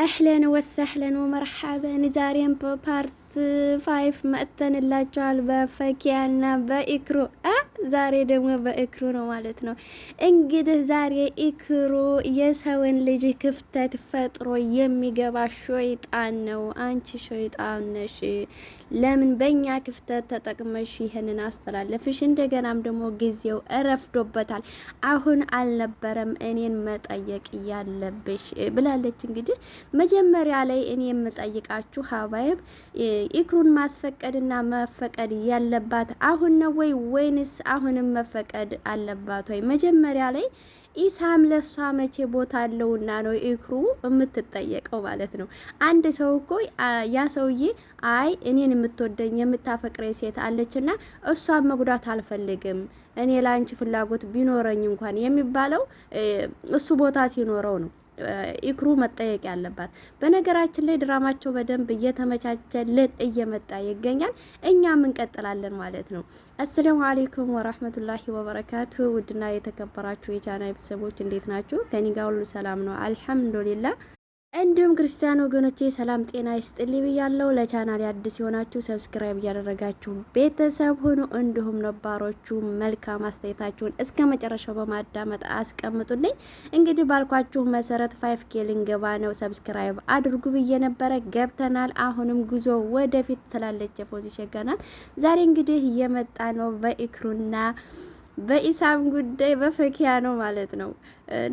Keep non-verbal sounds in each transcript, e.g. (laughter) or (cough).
أهلا وسهلا ومرحبا داريا بارت ፓርት ፋይፍ በፈኪያ በፈኪያና በኢክሩ ዛሬ ደግሞ በኢክሩ ነው ማለት ነው። እንግዲህ ዛሬ ኢክሩ የሰውን ልጅ ክፍተት ፈጥሮ የሚገባ ሾይጣን ነው። አንቺ ሾይጣን ነሽ፣ ለምን በእኛ ክፍተት ተጠቅመሽ ይህንን አስተላለፍሽ? እንደገናም ደግሞ ጊዜው እረፍዶበታል፣ አሁን አልነበረም እኔን መጠየቅ ያለብሽ ብላለች። እንግዲህ መጀመሪያ ላይ እኔ የምጠይቃችሁ ሀባይብ ኢክሩን ማስፈቀድና መፈቀድ ያለባት አሁን ነው ወይ ወይንስ አሁንም መፈቀድ አለባት ወይ? መጀመሪያ ላይ ኢሳም ለሷ መቼ ቦታ አለውና ነው ኢክሩ የምትጠየቀው ማለት ነው። አንድ ሰው እኮ ያ ሰውዬ አይ እኔን የምትወደኝ የምታፈቅረኝ ሴት አለችና እሷን መጉዳት አልፈልግም እኔ ለአንቺ ፍላጎት ቢኖረኝ እንኳን የሚባለው እሱ ቦታ ሲኖረው ነው። ኢክሩ መጠየቅ ያለባት። በነገራችን ላይ ድራማቸው በደንብ እየተመቻቸልን እየመጣ ይገኛል። እኛም እንቀጥላለን ማለት ነው። አሰላሙ አሌይኩም ወራህመቱላሂ ወበረካቱ። ውድና የተከበራችሁ የቻና ቤተሰቦች እንዴት ናችሁ? ከኒጋ ሁሉ ሰላም ነው አልሐምዱሊላ እንዲሁም ክርስቲያን ወገኖቼ ሰላም ጤና ይስጥልኝ ብያለሁ። ለቻናል አዲስ የሆናችሁ ሰብስክራይብ እያደረጋችሁ ቤተሰብ ሆኖ እንዲሁም ነባሮቹ መልካም አስተያየታችሁን እስከ መጨረሻው በማዳመጥ አስቀምጡልኝ። እንግዲህ ባልኳችሁ መሰረት ፋይፍ ኬ ልንገባ ነው፣ ሰብስክራይብ አድርጉ ብዬ ነበረ። ገብተናል። አሁንም ጉዞ ወደፊት ትላለች ፎዚ ሸጋናት። ዛሬ እንግዲህ እየመጣ ነው በኢክሩና በኢሳም ጉዳይ በፈኪያ ነው ማለት ነው።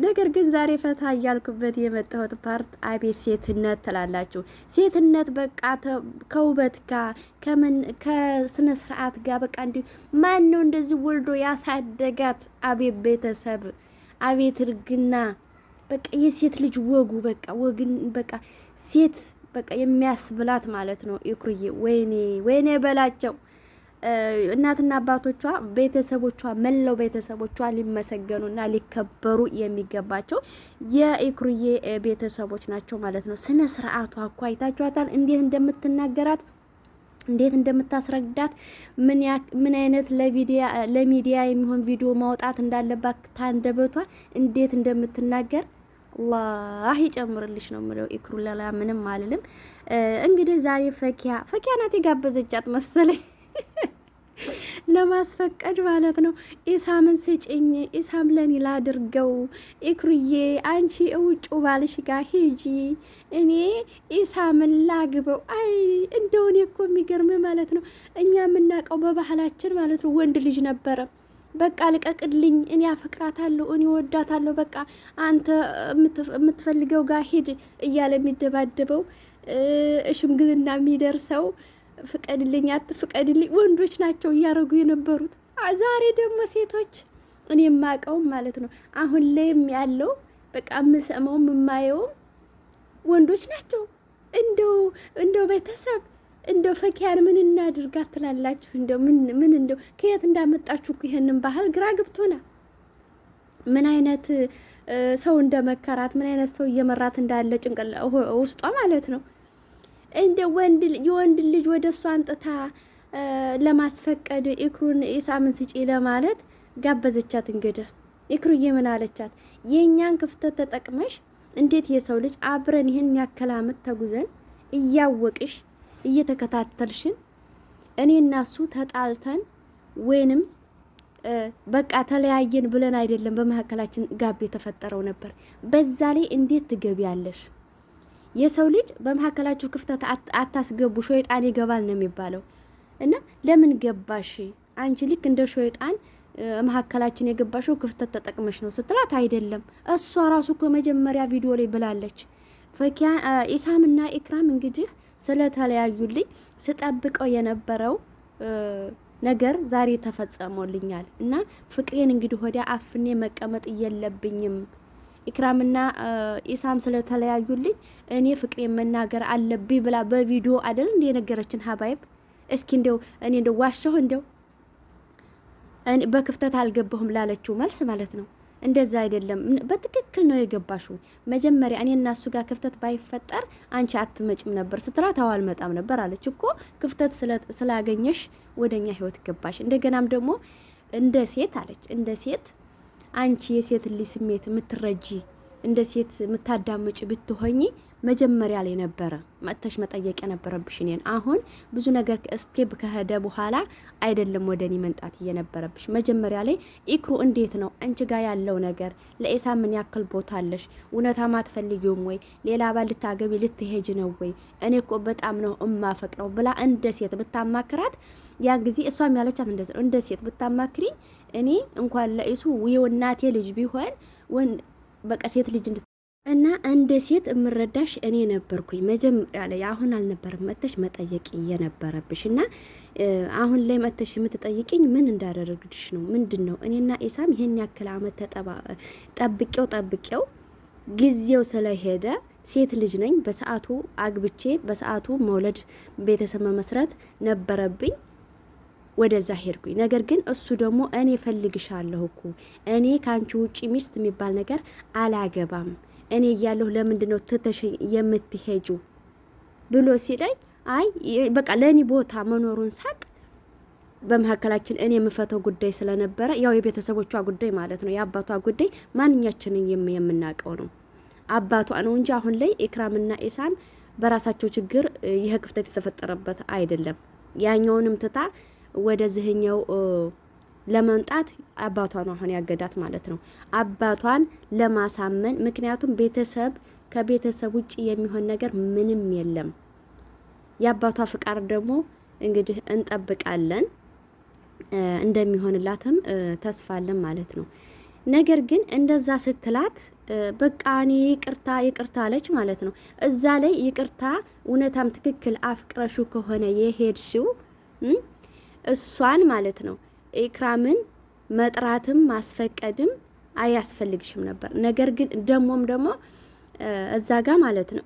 ነገር ግን ዛሬ ፈታ እያልኩበት የመጣሁት ፓርት አቤት ሴትነት ትላላችሁ። ሴትነት በቃ ከውበት ጋር ከስነ ስርዓት ጋር በቃ እንዲ ማን ነው እንደዚህ ወልዶ ያሳደጋት? አቤት ቤተሰብ፣ አቤት እርግና፣ በቃ የሴት ልጅ ወጉ በቃ ወግን በቃ ሴት በቃ የሚያስብላት ማለት ነው። ኢኩርዬ ወይኔ ወይኔ በላቸው እናትና አባቶቿ ቤተሰቦቿ መላው ቤተሰቦቿ ሊመሰገኑና ሊከበሩ የሚገባቸው የኢክሩዬ ቤተሰቦች ናቸው ማለት ነው። ስነ ስርዓቷ እኮ አይታችኋታል እንዴት እንደምትናገራት እንዴት እንደምታስረዳት ምን አይነት ለሚዲያ የሚሆን ቪዲዮ ማውጣት እንዳለባት ታንደበቷ እንዴት እንደምትናገር አላህ ይጨምርልሽ ነው የምለው። ኢክሩ ለላ ምንም አልልም። እንግዲህ ዛሬ ፈኪያ ፈኪያ ናት የጋበዘቻት መሰለኝ ለማስፈቀድ ማለት ነው። ኢሳምን ስጭኝ፣ ኢሳም ለኔ ላድርገው፣ ኢክሩዬ አንቺ እውጩ ባልሽ ጋ ሂጂ፣ እኔ ኢሳምን ላግበው። አይ እንደውን እኮ የሚገርም ማለት ነው። እኛ የምናውቀው በባህላችን ማለት ነው ወንድ ልጅ ነበረ በቃ ልቀቅልኝ፣ እኔ አፈቅራታለሁ፣ እኔ ወዳታለሁ፣ በቃ አንተ የምትፈልገው ጋር ሂድ እያለ የሚደባደበው እሽምግልና የሚደርሰው ፍቀድልኝ አትፍቀድልኝ ወንዶች ናቸው እያደረጉ የነበሩት። ዛሬ ደግሞ ሴቶች እኔ የማውቀውም ማለት ነው አሁን ላይም ያለው በቃ የምሰማውም የማየውም ወንዶች ናቸው። እንደው እንደው ቤተሰብ እንደው ፈኪያን ምን እናድርጋት ትላላችሁ? እንደው ምን ምን እንደው ከየት እንዳመጣችሁ እኮ ይሄንን ባህል ግራ ግብቶና? ምን አይነት ሰው እንደመከራት ምን አይነት ሰው እየመራት እንዳለ ጭንቅል ውስጧ ማለት ነው እንደ ወንድ የወንድ ልጅ ወደ እሷ አምጥታ ለማስፈቀድ ኢክሩን ኢሳምን ስጪ ለማለት ጋበዘቻት። እንግዲህ ኢክሩዬ ምን አለቻት? የእኛን ክፍተት ተጠቅመሽ እንዴት የሰው ልጅ አብረን ይህን ያክል ተጉዘን እያወቅሽ እየተከታተልሽን እኔ እና እሱ ተጣልተን ወይንም በቃ ተለያየን ብለን አይደለም በመካከላችን ጋብ የተፈጠረው ነበር። በዛ ላይ እንዴት ትገቢያለሽ? የሰው ልጅ በመካከላችሁ ክፍተት አታስገቡ፣ ሾይጣን ይገባል ነው የሚባለው። እና ለምን ገባሽ አንቺ ልክ እንደ ሾይጣን መካከላችን የገባሽው ክፍተት ተጠቅመሽ ነው ስትላት፣ አይደለም እሷ ራሱ ከመጀመሪያ ቪዲዮ ላይ ብላለች። ፈኪያ ኢሳምና ኢክራም እንግዲህ ስለተለያዩልኝ ስጠብቀው የነበረው ነገር ዛሬ ተፈጸሞልኛል እና ፍቅሬን እንግዲህ ወዲያ አፍኔ መቀመጥ የለብኝም ኢክራምና ኢሳም ስለተለያዩልኝ እኔ ፍቅሬ መናገር አለብኝ ብላ በቪዲዮ አይደል እንደ የነገረችን ሀባይብ። እስኪ እንደው እኔ እንደው ዋሸሁ እንደው በክፍተት አልገባሁም ላለችው መልስ ማለት ነው። እንደዛ አይደለም፣ በትክክል ነው የገባሹ። መጀመሪያ እኔ እና እሱ ጋር ክፍተት ባይፈጠር አንቺ አትመጭም ነበር ስትላት፣ አዎ አልመጣም ነበር አለች እኮ። ክፍተት ስላገኘሽ ወደኛ ህይወት ገባሽ። እንደገናም ደግሞ እንደ ሴት አለች እንደ ሴት አንቺ የሴት ልጅ ስሜት የምትረጂ እንደ ሴት የምታዳምጭ ብትሆኚ መጀመሪያ ላይ ነበረ መጥተሽ መጠየቅ የነበረብሽ እኔን። አሁን ብዙ ነገር እስኬፕ ከሄደ በኋላ አይደለም ወደ እኔ መንጣት እየነበረብሽ። መጀመሪያ ላይ ኢክሩ እንዴት ነው አንቺ ጋር ያለው ነገር? ለኤሳ ምን ያክል ቦታ አለሽ? እውነታ ማትፈልጊውም ወይ? ሌላ ባል ልታገቢ ልትሄጅ ነው ወይ? እኔ እኮ በጣም ነው እማፈቅረው ብላ እንደ ሴት ብታማክራት ያን ጊዜ እሷም ያለቻት እንደ ሴት ብታማክሪኝ እኔ እንኳን ለእሱ የወናቴ ልጅ ቢሆን በቃ ሴት ልጅ እና እንደ ሴት የምረዳሽ እኔ ነበርኩኝ መጀመሪያ ላይ። አሁን አልነበረም መተሽ መጠየቅ እየነበረብሽ እና አሁን ላይ መተሽ የምትጠይቅኝ ምን እንዳደረግሽ ነው? ምንድን ነው? እኔና ኢሳም ይሄን ያክል አመት ጠብቄው ጠብቄው ጊዜው ስለሄደ ሴት ልጅ ነኝ። በሰዓቱ አግብቼ በሰዓቱ መውለድ ቤተሰብ መመስረት ነበረብኝ። ወደዛ ሄድኩኝ። ነገር ግን እሱ ደግሞ እኔ ፈልግሻለሁ እኮ እኔ ከአንቺ ውጭ ሚስት የሚባል ነገር አላገባም እኔ እያለሁ ለምንድን ነው ትተሽ የምትሄጁ ብሎ ሲለኝ፣ አይ በቃ ለእኔ ቦታ መኖሩን ሳቅ በመካከላችን እኔ የምፈተው ጉዳይ ስለነበረ ያው የቤተሰቦቿ ጉዳይ ማለት ነው የአባቷ ጉዳይ ማንኛችንን የምናውቀው ነው አባቷ ነው እንጂ አሁን ላይ ኢክራምና ኢሳም በራሳቸው ችግር ይህ ክፍተት የተፈጠረበት አይደለም። ያኛውንም ትታ ወደዚህኛው ለመምጣት አባቷ ነው አሁን ያገዳት ማለት ነው። አባቷን ለማሳመን ምክንያቱም ቤተሰብ ከቤተሰብ ውጭ የሚሆን ነገር ምንም የለም። የአባቷ ፍቃድ ደግሞ እንግዲህ እንጠብቃለን እንደሚሆንላትም ተስፋለን ማለት ነው። ነገር ግን እንደዛ ስትላት በቃ እኔ ይቅርታ ይቅርታ አለች ማለት ነው። እዛ ላይ ይቅርታ እውነታም ትክክል አፍቅረሹ ከሆነ የሄድሽው እሷን ማለት ነው ኤክራምን መጥራትም ማስፈቀድም አያስፈልግሽም ነበር። ነገር ግን ደሞም ደግሞ እዛ ጋ ማለት ነው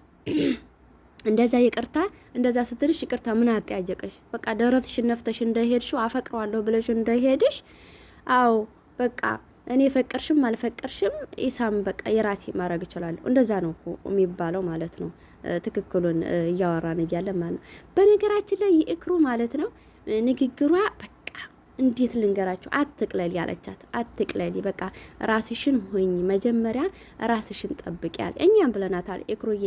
(clears throat) እንደዛ ይቅርታ እንደዛ ስትልሽ ይቅርታ ምን አጠያየቅሽ? በቃ ደረትሽን ነፍተሽ እንደሄድሽ አፈቅረዋለሁ ብለሽ እንደሄድሽ፣ አዎ በቃ እኔ ፈቅርሽም አልፈቅርሽም ኢሳም በቃ የራሴ ማድረግ እችላለሁ። እንደዛ ነው እኮ የሚባለው ማለት ነው። ትክክሉን እያወራን እያለ ማለት ነው። በነገራችን ላይ ይእክሩ ማለት ነው ንግግሯ በቃ እንዴት ልንገራችሁ፣ አትቅለል ያለቻት አትቅለል፣ በቃ ራስሽን ሆኝ፣ መጀመሪያ ራስሽን ጠብቅ ያለ እኛም ብለናታል። ኤክሮዬ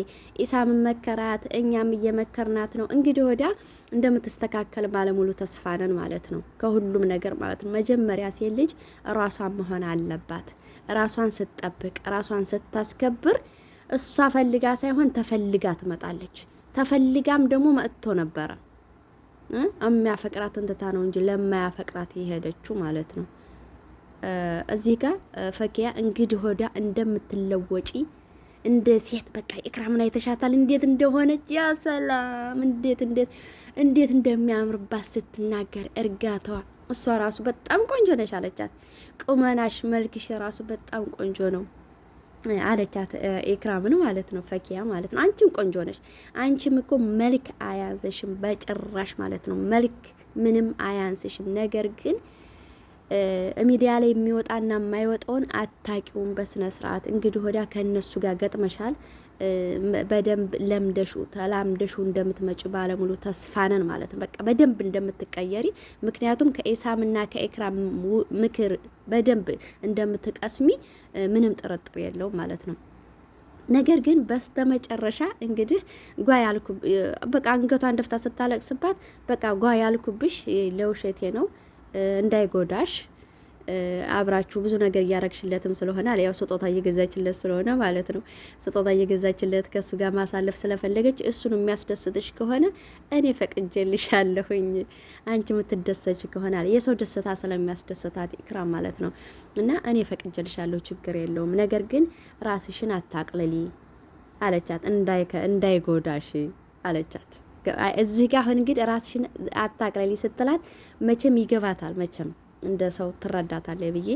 ኢሳምን መከራት፣ እኛም እየመከርናት ነው። እንግዲህ ወዲያ እንደምትስተካከል ባለሙሉ ተስፋ ነን ማለት ነው፣ ከሁሉም ነገር ማለት ነው። መጀመሪያ ሴት ልጅ ራሷን መሆን አለባት። ራሷን ስትጠብቅ፣ ራሷን ስታስከብር፣ እሷ ፈልጋ ሳይሆን ተፈልጋ ትመጣለች። ተፈልጋም ደግሞ መጥቶ ነበረ የሚያፈቅራትን ትታ ነው እንጂ ለማያፈቅራት የሄደችው ማለት ነው። እዚህ ጋር ፈኪያ እንግዲህ ሆዳ እንደምትለወጪ እንደ ሴት በቃ ኢክራምን አይተሻታል፣ እንዴት እንደሆነች ያ ሰላም እንዴት እንዴት እንዴት እንደሚያምርባት ስትናገር እርጋታዋ። እሷ ራሱ በጣም ቆንጆ ነሽ አለቻት። ቁመናሽ፣ መልክሽ ራሱ በጣም ቆንጆ ነው። አለቻት ኤክራምን ማለት ነው ፈኪያ ማለት ነው። አንቺም ቆንጆ ነሽ፣ አንቺም እኮ መልክ አያንስሽም በጭራሽ ማለት ነው። መልክ ምንም አያንስሽም። ነገር ግን ሚዲያ ላይ የሚወጣና የማይወጣውን አታቂውን በስነ ስርዓት እንግዲህ ወዲያ ከእነሱ ጋር ገጥመሻል። በደንብ ለምደሹ ተላምደሹ እንደምትመጪ ባለሙሉ ተስፋነን ማለት ነው። በቃ በደንብ እንደምትቀየሪ ምክንያቱም ከኤሳምና ከኤክራም ምክር በደንብ እንደምትቀስሚ ምንም ጥርጥር የለውም ማለት ነው። ነገር ግን በስተመጨረሻ እንግዲህ ጓ ያልኩ በቃ አንገቷን ደፍታ ስታለቅስባት በቃ ጓ ያልኩብሽ ለውሸቴ ነው እንዳይጎዳሽ አብራችሁ ብዙ ነገር እያረግሽለትም ስለሆነ አለ ያው ስጦታ እየገዛችለት ስለሆነ ማለት ነው። ስጦታ እየገዛችለት ከእሱ ጋር ማሳለፍ ስለፈለገች እሱን የሚያስደስትሽ ከሆነ እኔ ፈቅጄልሻለሁኝ፣ አንቺ የምትደሰች ከሆነ አለ የሰው ደስታ ስለሚያስደስታት ኢክራም ማለት ነው። እና እኔ ፈቅጄልሻለሁ፣ ችግር የለውም ነገር ግን ራስሽን አታቅልሊ አለቻት። እንዳይጎዳሽ አለቻት። እዚህ ጋር አሁን እንግዲህ ራስሽን አታቅልሊ ስትላት መቼም ይገባታል መቼም እንደ ሰው ትረዳታለህ ብዬ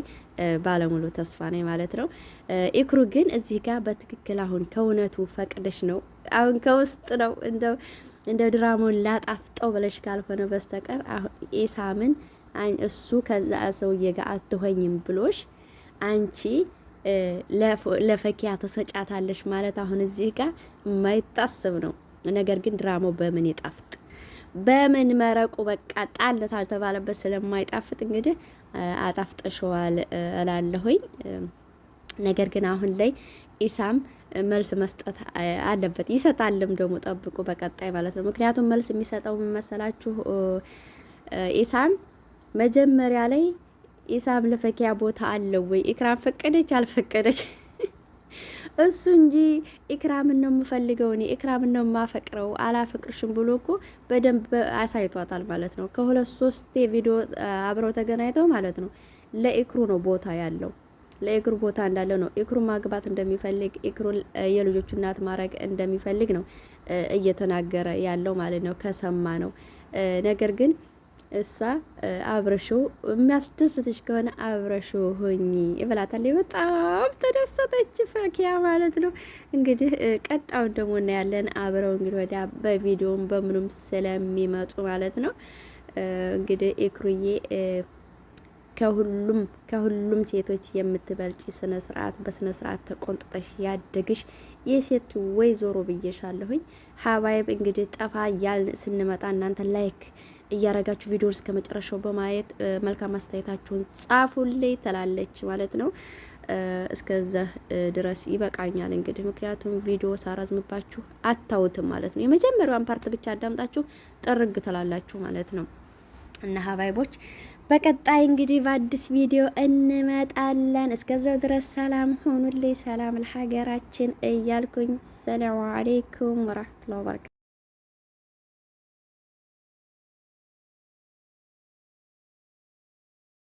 ባለሙሉ ተስፋ ነኝ ማለት ነው። ኢክሩ ግን እዚህ ጋር በትክክል አሁን ከእውነቱ ፈቅደሽ ነው አሁን ከውስጥ ነው እንደው እንደ ድራማውን ላጣፍጠው ብለሽ ካልሆነ በስተቀር ኢሳምን እሱ ከዛ ሰውዬ ጋር አትሆኝም ብሎሽ አንቺ ለፈኪያ ተሰጫታለሽ ማለት አሁን እዚህ ጋር የማይታሰብ ነው። ነገር ግን ድራማው በምን ይጣፍጥ? በምን መረቁ በቃ ጣለት አልተባለበት ስለማይጣፍጥ እንግዲህ አጣፍጠሸዋል እላለሁኝ። ነገር ግን አሁን ላይ ኢሳም መልስ መስጠት አለበት። ይሰጣልም ደግሞ ጠብቁ፣ በቀጣይ ማለት ነው። ምክንያቱም መልስ የሚሰጠው መሰላችሁ ኢሳም መጀመሪያ ላይ ኢሳም ለፈኪያ ቦታ አለው ወይ ኢክራም ፈቀደች አልፈቀደች እሱ እንጂ ኢክራምን ነው የምፈልገው እኔ ኢክራምን ነው የማፈቅረው አላፈቅርሽም ብሎ እኮ በደንብ አሳይቷታል ማለት ነው። ከሁለት ሶስት የቪዲዮ አብረው ተገናኝተው ማለት ነው። ለኢክሩ ነው ቦታ ያለው ለኢክሩ ቦታ እንዳለው ነው። ኢክሩ ማግባት እንደሚፈልግ ኢክሩ የልጆቹ እናት ማድረግ እንደሚፈልግ ነው እየተናገረ ያለው ማለት ነው። ከሰማ ነው ነገር ግን እሷ አብረሾ የሚያስደስትሽ ከሆነ አብረሾ ሆኚ እብላታለሁ። በጣም ተደሰተች ፈኪያ ማለት ነው። እንግዲህ ቀጣውን ደግሞ እናያለን። አብረው እንግዲህ ወዲያ በቪዲዮም በምኑም ስለሚመጡ ማለት ነው። እንግዲህ ኢክሩዬ ከሁሉም ከሁሉም ሴቶች የምትበልጭ ስነ ስርዓት በስነ ስርዓት ተቆንጥጠሽ ያደግሽ የሴት ወይዘሮ ብዬሻለሁኝ። ሀባይብ እንግዲህ ጠፋ እያልን ስንመጣ እናንተ ላይክ እያረጋችሁ ቪዲዮን እስከ መጨረሻው በማየት መልካም አስተያየታችሁን ጻፉልኝ ትላለች ማለት ነው። እስከዛ ድረስ ይበቃኛል እንግዲህ፣ ምክንያቱም ቪዲዮ ሳራዝምባችሁ አታውትም ማለት ነው። የመጀመሪያውን ፓርት ብቻ አዳምጣችሁ ጥርግ ትላላችሁ ማለት ነው። እና ሀባይቦች በቀጣይ እንግዲህ በአዲስ ቪዲዮ እንመጣለን። እስከዛው ድረስ ሰላም ሆኑልኝ። ሰላም ለሀገራችን እያልኩኝ ሰላሙ አሌይኩም ወራህመቱላሂ ወበረካቱ